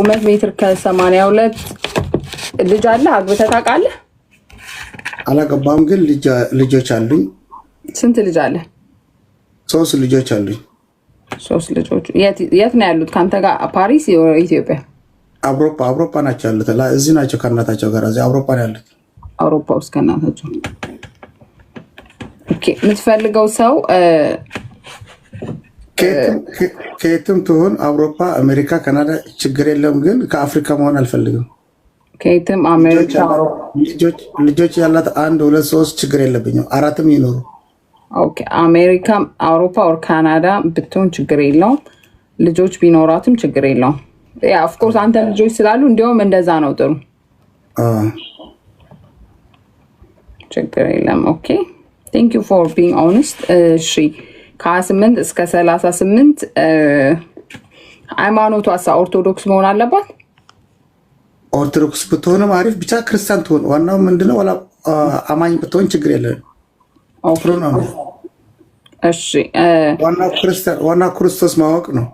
ቁመት ሜትር ከሰማንያ ሁለት ልጅ አለ። አግብተህ ታውቃለህ? አላገባም፣ ግን ልጆች አሉኝ። ስንት ልጅ አለ? ሶስት ልጆች አሉኝ። ሶስት ልጆች የት ነው ያሉት? ከአንተ ጋር ፓሪስ፣ ኢትዮጵያ፣ አውሮፓ? አውሮፓ ናቸው ያሉት። እዚህ ናቸው ከእናታቸው ጋር እዚህ አውሮፓ ነው ያሉት። አውሮፓ ውስጥ ከእናታቸው። ኦኬ። የምትፈልገው ሰው ከየትም ትሁን አውሮፓ፣ አሜሪካ፣ ካናዳ ችግር የለውም፣ ግን ከአፍሪካ መሆን አልፈልግም። ከየትም አሜሪካ ልጆች ያላት አንድ ሁለት ሶስት ችግር የለብኝም። አራትም ይኖሩ አሜሪካ፣ አውሮፓ ወር ካናዳ ብትሆን ችግር የለውም። ልጆች ቢኖራትም ችግር የለውም። ኦፍኮርስ አንተ ልጆች ስላሉ እንዲሁም እንደዛ ነው ጥሩ ችግር የለም። ኦኬ ቴንክ ዩ ፎር ቢንግ ኦነስት። እሺ ከ28 እስከ 38 ሃይማኖቷ ሳ ኦርቶዶክስ መሆን አለባት። ኦርቶዶክስ ብትሆንም አሪፍ ብቻ ክርስቲያን ትሆን ዋናው ምንድነው? ወላ አማኝ ብትሆን ችግር የለም። ዋና ክርስቶስ ማወቅ ነው።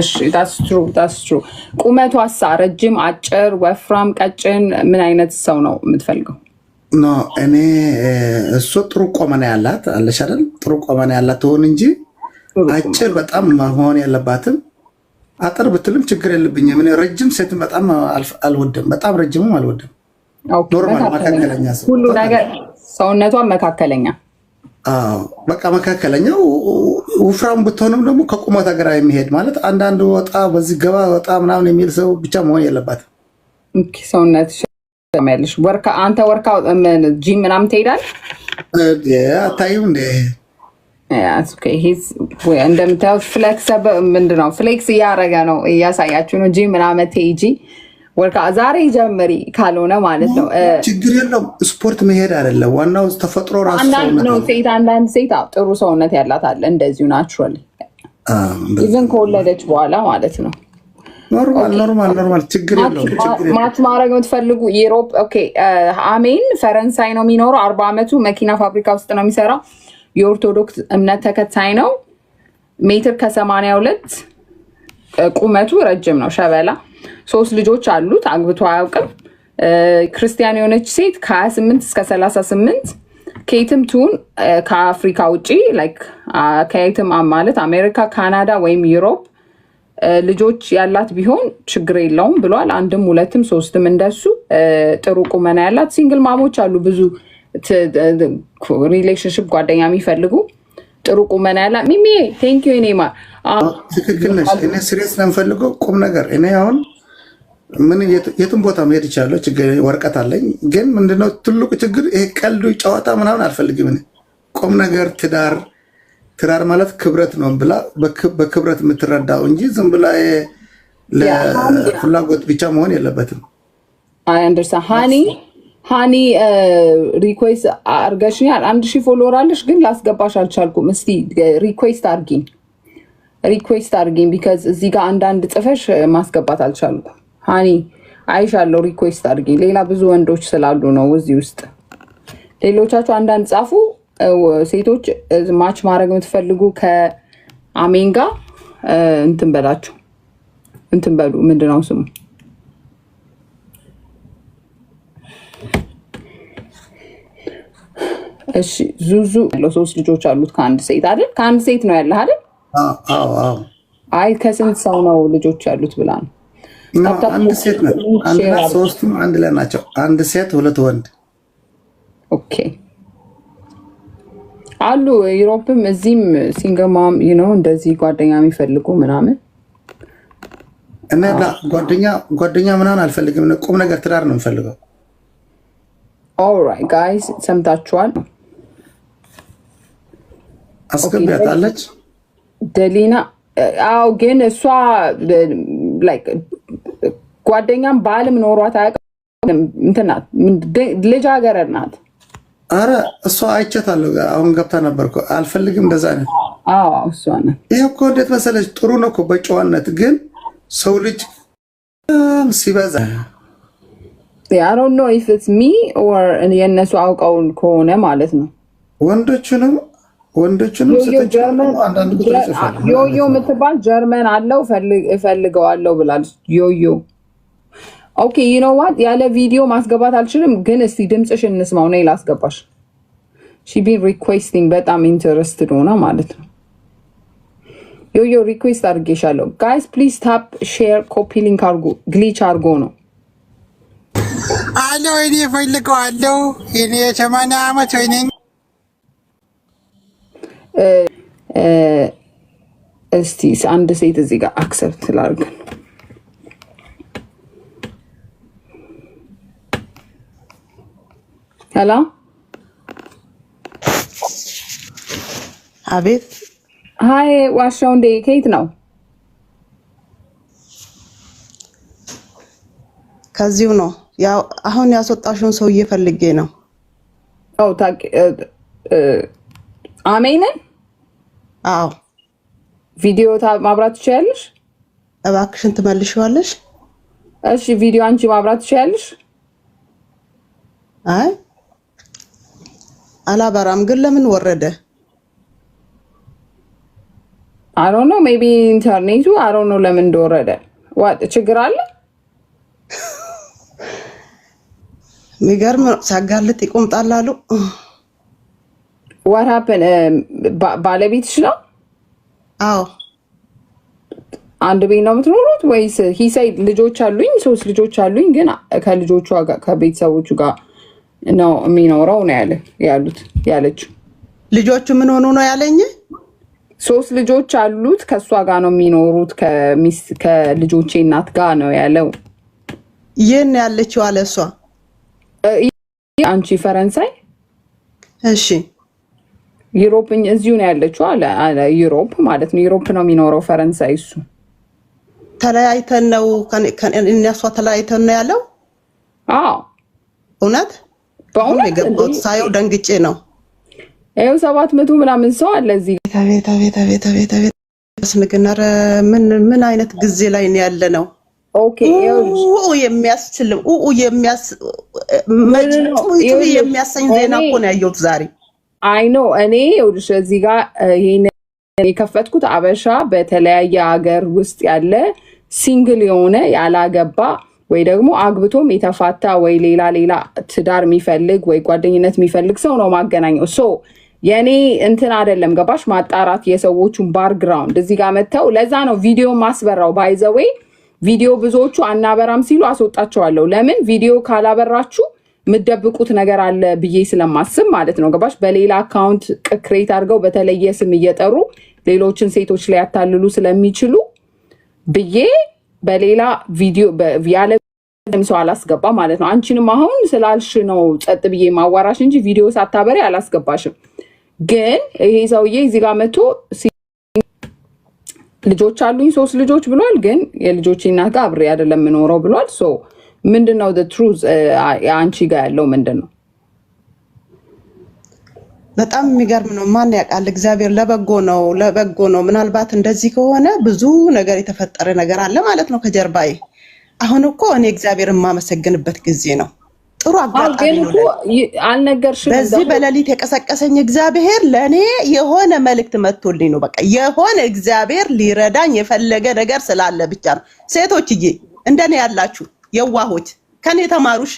እሺ ታስ ትሩ ታስ ትሩ። ቁመቷሳ ረጅም፣ አጭር፣ ወፍራም፣ ቀጭን ምን አይነት ሰው ነው የምትፈልገው? ኖ እኔ እሱ ጥሩ ቆመና ያላት አለሽ አይደል ጥሩ ቆመና ያላት ትሆን እንጂ አጭር በጣም መሆን ያለባትም አጠር ብትልም ችግር የለብኝም። ረጅም ሴትም በጣም አልወደም፣ በጣም ረጅምም አልወደም። ኖርማል መካከለኛ ሁሉ ነገር ሰውነቷ መካከለኛ በቃ መካከለኛው ውፍራም ብትሆንም ደግሞ ከቁመት ሀገር የሚሄድ ማለት አንዳንድ ወጣ በዚህ ገባ ወጣ ምናምን የሚል ሰው ብቻ መሆን የለባትም። ሰውነት ያለሽ አንተ ወርካ ጂም ምናምን ትሄዳል አታዩ። እንዴ? እንደምታዩት ፍሌክስ ምንድን ነው ፍሌክስ እያደረገ ነው እያሳያችሁ ነው። ጂም ምናምን ቴጂ ወርካ ዛሬ ጀምሪ ካልሆነ ማለት ነው ችግር የለም። ስፖርት መሄድ አይደለም ዋናው ተፈጥሮ ራሱ ሴት አንዳንድ ሴት ጥሩ ሰውነት ያላት አለ እንደዚሁ ናቹራል ኢቨን ከወለደች በኋላ ማለት ነው። ኖርማል ኖርማል ኖርማል ችግር የለውም። ማች ማድረግ የምትፈልጉ ዩሮፕ ኦኬ አሜን ፈረንሳይ ነው የሚኖረው። አርባ ዓመቱ መኪና ፋብሪካ ውስጥ ነው የሚሰራው የኦርቶዶክስ እምነት ተከታይ ነው። ሜትር ከሰማንያ ሁለት ቁመቱ ረጅም ነው። ሸበላ ሶስት ልጆች አሉት። አግብቶ አያውቅም። ክርስቲያን የሆነች ሴት ከ28 እስከ 38 ከየትም ትሁን ከአፍሪካ ውጪ ከየትም ማለት አሜሪካ፣ ካናዳ ወይም ዩሮፕ ልጆች ያላት ቢሆን ችግር የለውም ብሏል። አንድም ሁለትም ሶስትም እንደሱ ጥሩ ቁመና ያላት ሲንግል ማሞች አሉ ብዙ ሪሌሽንሽፕ ጓደኛ የሚፈልጉ ጥሩ ቁመና ያላ ሚሚ ቴንክ ዩ ማ ትክክል ነሽ። እኔ ስሬት ስለምፈልገው ቁም ነገር እኔ አሁን ምን የትም ቦታ መሄድ ይቻለሁ። ችግር ወረቀት አለኝ፣ ግን ምንድነው ትልቁ ችግር ይሄ ቀልዱ ጨዋታ ምናምን አልፈልግም። ቁም ነገር ትዳር ትዳር ማለት ክብረት ነው ብላ በክብረት የምትረዳው እንጂ ዝም ብላ ለፍላጎት ብቻ መሆን የለበትም። አይ አንደርስታንድ ሃኒ ሃኒ ሪኩዌስት አርገሽኛል። አንድ ሺህ ፎሎወር አለሽ ግን ላስገባሽ አልቻልኩም። እስቲ ሪኩዌስት አርጊኝ፣ ሪኩዌስት አርጊኝ ቢካዝ እዚህ ጋር አንዳንድ ጽፈሽ ማስገባት አልቻልኩም። አይሻ አይሻለው፣ ሪኩዌስት አርጊኝ። ሌላ ብዙ ወንዶች ስላሉ ነው እዚህ ውስጥ። ሌሎቻችሁ አንዳንድ ጻፉ። ሴቶች ማች ማድረግ የምትፈልጉ ከአሜን ጋር እንትን በላችሁ እንትን በሉ ምንድነው ስሙ እሺ ዙዙ ያለው ሶስት ልጆች አሉት ከአንድ ሴት አይደል? ከአንድ ሴት ነው ያለህ አይደል? አይ ከስንት ሰው ነው ልጆች ያሉት ብላ ነው። አንድ ሴት ነው። ሶስቱም አንድ ላይ ናቸው። አንድ ሴት ሁለት ወንድ። ኦኬ አሉ ዩሮፕም እዚህም ሲንገማም ነው እንደዚህ ጓደኛ የሚፈልጉ ምናምን እና ጓደኛ ጓደኛ ምናምን አልፈልግም። ቁም ነገር ትዳር ነው የምፈልገው። ኦልራይት ጋይስ ሰምታችኋል። አስገቢያታለች ደሊና። አዎ፣ ግን እሷ ጓደኛም ባልም ኖሯት አያውቅም። እንትና ልጃገረድ ናት። አረ እሷ አይቻታለሁ። አሁን ገብታ ነበር እኮ አልፈልግም። እንደዛ አይነት ይህ እኮ እንዴት መሰለች? ጥሩ ነው እኮ በጨዋነት ግን ሰው ልጅ ሲበዛ የእነሱ አውቀውን ከሆነ ማለት ነው ወንዶቹንም ወንዶችንም ዮዮ የምትባል ጀርመን አለው እፈልገዋለሁ ብላል። ዮዮ ኦኬ ይኖዋት ያለ ቪዲዮ ማስገባት አልችልም፣ ግን እስቲ ድምፅሽ እንስማው። ነይ ላስገባሽ። ሺ ቢን ሪኩዌስቲንግ በጣም ኢንተረስትድ ሆና ማለት ነው። ዮዮ ሪኩዌስት አድርጌሻለሁ። ጋይስ ፕሊዝ ታፕ ሼር ኮፒ ሊንክ አርጎ ግሊች አርጎ ነው አለው። እኔ እፈልገዋለሁ እኔ የሰማንያ ዓመት ወይኔ እስቲ አንድ ሴት እዚህ ጋር አክሰፕት ላርግ። ሄሎ፣ አቤት። ሀይ ዋሻው እንደ ከየት ነው? ከዚሁ ነው። ያው አሁን ያስወጣሽውን ሰው እየፈልጌ ነው። አሜንን አዎ ቪዲዮ ማብራት ትችያለሽ? እባክሽን ትመልሽዋለሽ? እሺ ቪዲዮ አንቺ ማብራት ትችያለሽ? አይ አላበራም። ግን ለምን ወረደ? አሮ ነው ሜቢ ኢንተርኔቱ አሮ ነው ለምን እንደወረደ። ዋጥ ችግር አለ? የሚገርም ሲያጋልጥ ይቆምጣል አሉ። ዋራፕን um, ባለቤትሽ ነው? አዎ። አንድ ቤት ነው የምትኖሩት ወይስ? ሂሳይ ልጆች አሉኝ፣ ሶስት ልጆች አሉኝ፣ ግን ከልጆቹ ከቤተሰቦቹ ጋር ነው የሚኖረው ነው ያለ ያሉት ያለችው። ልጆቹ ምን ሆኑ ነው ያለኝ? ሶስት ልጆች አሉት ከእሷ ጋር ነው የሚኖሩት ከልጆቼ እናት ጋር ነው ያለው። ይህን ያለችው አለ እሷ አንቺ ፈረንሳይ እሺ ዩሮፕ እዚሁ ነው ያለችው አለ ዩሮፕ ማለት ነው። ዩሮፕ ነው የሚኖረው ፈረንሳይ። እሱ ተለያይተን ነው እነሷ ተለያይተን ነው ያለው። አዎ እውነት በእውነት የገባት ሳየው ደንግጬ ነው። ይኸው ሰባት መቶ ምናምን ሰው አለ እዚህ። ስንግነረ ምን ምን አይነት ጊዜ ላይ ነው ያለ ነው የሚያስችልም የሚያስ የሚያሰኝ ዜና እኮ ነው ያየሁት ዛሬ አይ ኖ እኔ ይኸውልሽ እዚህ ጋር ይሄን የከፈትኩት አበሻ በተለያየ ሀገር ውስጥ ያለ ሲንግል የሆነ ያላገባ ወይ ደግሞ አግብቶም የተፋታ ወይ ሌላ ሌላ ትዳር የሚፈልግ ወይ ጓደኝነት የሚፈልግ ሰው ነው ማገናኘው። ሶ የእኔ እንትን አይደለም ገባሽ? ማጣራት የሰዎቹን ባርግራውንድ እዚህ ጋር መጥተው ለዛ ነው ቪዲዮ ማስበራው። ባይዘዌ ቪዲዮ ብዙዎቹ አናበራም ሲሉ አስወጣቸዋለሁ። ለምን ቪዲዮ ካላበራችሁ የምደብቁት ነገር አለ ብዬ ስለማስብ ማለት ነው። ገባሽ? በሌላ አካውንት ቅክሬት አድርገው በተለየ ስም እየጠሩ ሌሎችን ሴቶች ላይ ያታልሉ ስለሚችሉ ብዬ በሌላ ቪዲዮ ያለ ሰው አላስገባ ማለት ነው። አንቺንም አሁን ስላልሽ ነው ጸጥ ብዬ ማዋራሽ እንጂ ቪዲዮ ሳታበሬ አላስገባሽም። ግን ይሄ ሰውዬ እዚህ ጋር መቶ ልጆች አሉኝ ሶስት ልጆች ብሏል። ግን የልጆች እናት ጋር አብሬ አይደለም የምኖረው ብሏል። ምንድን ነው ትሩዝ አንቺ ጋር ያለው ምንድን ነው? በጣም የሚገርም ነው። ማን ያውቃል? እግዚአብሔር ለበጎ ነው፣ ለበጎ ነው። ምናልባት እንደዚህ ከሆነ ብዙ ነገር የተፈጠረ ነገር አለ ማለት ነው ከጀርባዬ። አሁን እኮ እኔ እግዚአብሔር የማመሰግንበት ጊዜ ነው። ጥሩ አጋጣሚ አልነገርሽም። በዚህ በሌሊት የቀሰቀሰኝ እግዚአብሔር ለእኔ የሆነ መልእክት መጥቶልኝ ነው። በቃ የሆነ እግዚአብሔር ሊረዳኝ የፈለገ ነገር ስላለ ብቻ ነው። ሴቶችዬ እንደኔ ያላችሁ የዋሆች ከኔ ተማሩ። እሺ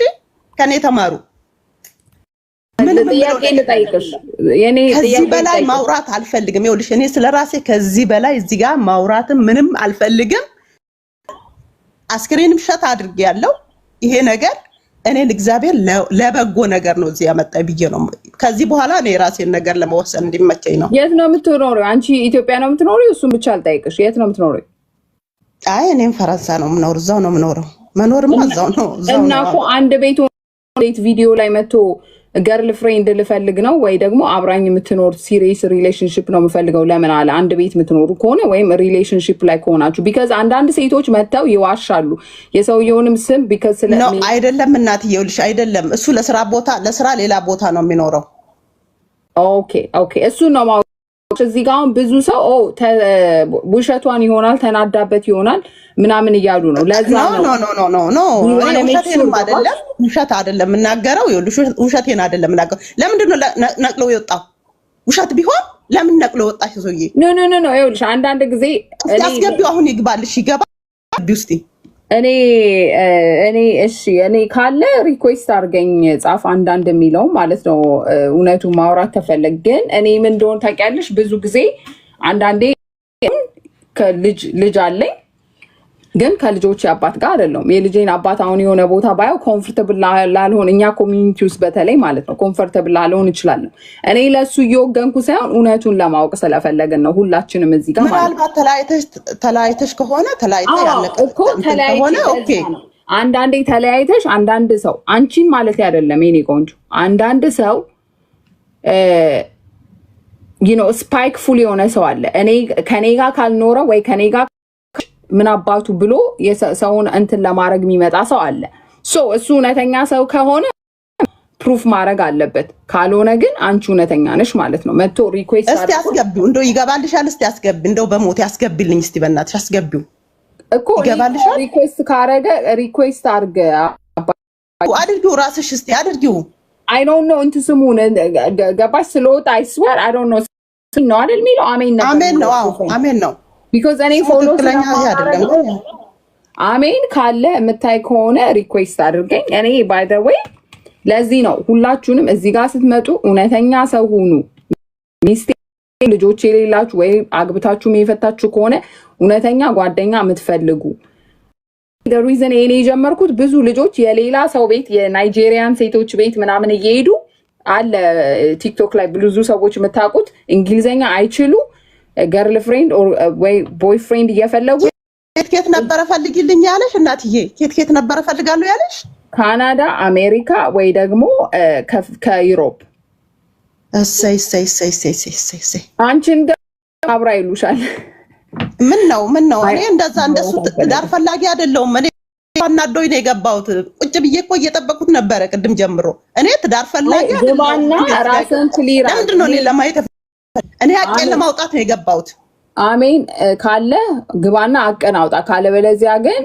ከኔ ተማሩ። ከዚህ በላይ ማውራት አልፈልግም። ይኸውልሽ እኔ ስለራሴ ከዚህ በላይ እዚህ ጋር ማውራትም ምንም አልፈልግም። አስክሬንም ሸት አድርጌ ያለው ይሄ ነገር እኔን እግዚአብሔር ለበጎ ነገር ነው እዚህ ያመጣኝ ብዬ ነው። ከዚህ በኋላ እኔ የራሴን ነገር ለመወሰን እንዲመቸኝ ነው። የት ነው የምትኖሪው? አንቺ ኢትዮጵያ ነው የምትኖሪው? እሱም ብቻ አልጠይቅሽ። የት ነው የምትኖሪው? አይ እኔም ፈረንሳ ነው የምኖር፣ እዛው ነው የምኖረው። መኖርማ እዛው ነው። እና እኮ አንድ ቤት ቤት ቪዲዮ ላይ መጥቶ ገርል ፍሬንድ ልፈልግ ነው ወይ ደግሞ አብራኝ የምትኖር ሲሪየስ ሪሌሽንሽፕ ነው የምፈልገው ለምን አለ። አንድ ቤት የምትኖሩ ከሆነ ወይም ሪሌሽንሽፕ ላይ ከሆናችሁ ቢካዝ አንዳንድ ሴቶች መጥተው ይዋሻሉ የሰውየውንም ስም ቢካዝ ስለ አይደለም እናትየው ልሽ አይደለም እሱ ለስራ ቦታ ለስራ ሌላ ቦታ ነው የሚኖረው። ኦኬ ኦኬ እሱ ነው እዚህ ጋ አሁን ብዙ ሰው ውሸቷን ይሆናል ተናዳበት ይሆናል ምናምን እያሉ ነው። ለዛ ውሸት አይደለም የምናገረው፣ ውሸቴን አይደለም የምናገረው። ለምንድን ነው ነቅሎ የወጣው? ውሸት ቢሆን ለምን ነቅሎ ወጣሽ? ሰውዬ ኖ ኖ ኖ። ኖ ይኸውልሽ አንዳንድ ጊዜ ያስገቢው አሁን ይግባልሽ ይገባ ቢ ውስጤ እኔ እኔ እሺ እኔ ካለ ሪኩዌስት አድርገኝ ጻፍ አንዳንድ የሚለው ማለት ነው። እውነቱ ማውራት ተፈለግ ግን እኔ ምን እንደሆነ ታውቂያለሽ። ብዙ ጊዜ አንዳንዴ ልጅ አለኝ ግን ከልጆች አባት ጋር አይደለሁም። የልጄን አባት አሁን የሆነ ቦታ ባየው ኮንፈርተብል ላልሆን እኛ ኮሚኒቲ ውስጥ በተለይ ማለት ነው ኮንፈርተብል ላልሆን ይችላለሁ። እኔ ለእሱ እየወገንኩ ሳይሆን እውነቱን ለማወቅ ስለፈለግን ነው። ሁላችንም እዚህ ጋር ምናልባት ተለያይተሽ ከሆነ ተለያይተሽ ያለቀ ከሆነ ኦኬ አንዳንዴ ተለያይተሽ አንዳንድ ሰው አንቺን ማለት አይደለም የኔ ቆንጆ፣ አንዳንድ ሰው ስፓይክፉል የሆነ ሰው አለ። እኔ ከኔ ጋር ካልኖረ ወይ ከኔ ጋር ምን አባቱ ብሎ ሰውን እንትን ለማድረግ የሚመጣ ሰው አለ። እሱ እውነተኛ ሰው ከሆነ ፕሩፍ ማድረግ አለበት። ካልሆነ ግን አንቺ እውነተኛ ነሽ ማለት ነው። መቶ ሪኩዌስት እስቲ አስገቢው፣ እንደው ይገባልሻል። እስቲ አስገቢ፣ እንደው በሞት ያስገቢልኝ እስቲ በእናትሽ አስገቢው እኮ ይገባልሻል። ሪኩዌስት ካረገ ሪኩዌስት አርገ አድርጊው፣ ራስሽ እስቲ አድርጊው። አይ ዶንት ኖ እንትን ስሙን ገባሽ ስለወጣ አይስወር አይ ዶንት ኖ ነው አይደል የሚለው። አሜን ነው፣ አሜን ነው። ቢኮዝ እኔ ፎሎ አሜን ካለ የምታይ ከሆነ ሪኩዌስት አድርገኝ። እኔ ባይ ዘ ዌይ ለዚህ ነው ሁላችሁንም እዚህ ጋር ስትመጡ እውነተኛ ሰው ሁኑ። ሚስቴ ልጆች የሌላችሁ ወይ አግብታችሁ የፈታችሁ ከሆነ እውነተኛ ጓደኛ የምትፈልጉ ሪዝን ይሄን የጀመርኩት ብዙ ልጆች የሌላ ሰው ቤት የናይጄሪያን ሴቶች ቤት ምናምን እየሄዱ አለ ቲክቶክ ላይ ብዙ ሰዎች የምታውቁት እንግሊዝኛ አይችሉ ገርል ፍሬንድ ወይ ቦይ ፍሬንድ እየፈለጉ ኬት ኬት ነበረ ፈልግልኝ ያለሽ እናትዬ? ኬት ኬት ነበረ ፈልጋሉ ያለሽ? ካናዳ፣ አሜሪካ ወይ ደግሞ ከዩሮፕ። እሰይ እሰይ አንቺን አብራ ይሉሻል። ምን ነው ምን ነው? እኔ እንደዛ እንደሱ ትዳር ፈላጊ አይደለሁም። እኔ ባናዶኝ ነው የገባሁት። ቁጭ ብዬ እኮ እየጠበቁት ነበረ ቅድም ጀምሮ። እኔ ትዳር ፈላጊ አይደለሁም። ለምንድን ነው እኔ ለማየት እኔ አቄን ለማውጣት ነው የገባሁት። አሜን ካለ ግባና አቀን አውጣ፣ ካለ በለዚያ ግን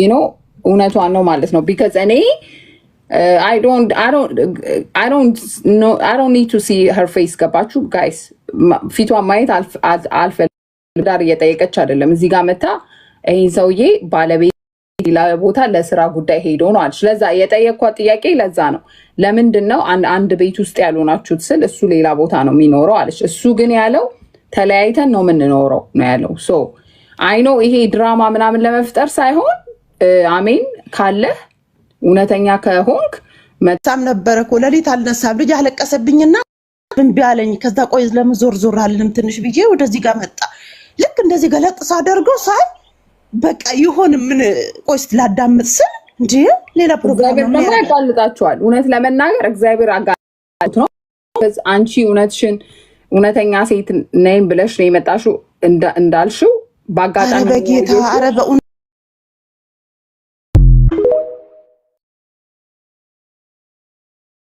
ይኖ እውነቷን ነው ማለት ነው። ቢከዝ እኔ ኒድ ቱ ሲ ሄር ፌስ ገባችሁ ጋይስ። ፊቷን ማየት አልፈልግም። ዳር እየጠየቀች አይደለም እዚህ ጋር መታ ይህን ሰውዬ ባለቤት ሌላ ቦታ ለስራ ጉዳይ ሄዶ ነው አለች። ለዛ የጠየኳት ጥያቄ ለዛ ነው። ለምንድን ነው አንድ ቤት ውስጥ ያልሆናችሁት ስል እሱ ሌላ ቦታ ነው የሚኖረው አለች። እሱ ግን ያለው ተለያይተን ነው የምንኖረው ነው ያለው። ሶ አይኖ ይሄ ድራማ ምናምን ለመፍጠር ሳይሆን አሜን ካለህ እውነተኛ ከሆንክ መታም ነበረ እኮ ሌሊት አልነሳም። ልጅ አለቀሰብኝና እምቢ አለኝ። ከዛ ቆይ ለምን ዞር ዞር አልንም ትንሽ ብዬ ወደዚህ ጋር መጣ። ልክ እንደዚህ ገለጥ ሳደርገው ሳይ በቃ ይሆን ምን ቆይስ ላዳምጥ ስል እንዲ ሌላ ፕሮግራም ደግሞ እውነት ለመናገር እግዚአብሔር አጋልጥ ነው። አንቺ እውነትሽን እውነተኛ ሴት ነይም ብለሽ ነው የመጣሽው እንዳልሽው በአጋጣሚ በጌታ አረ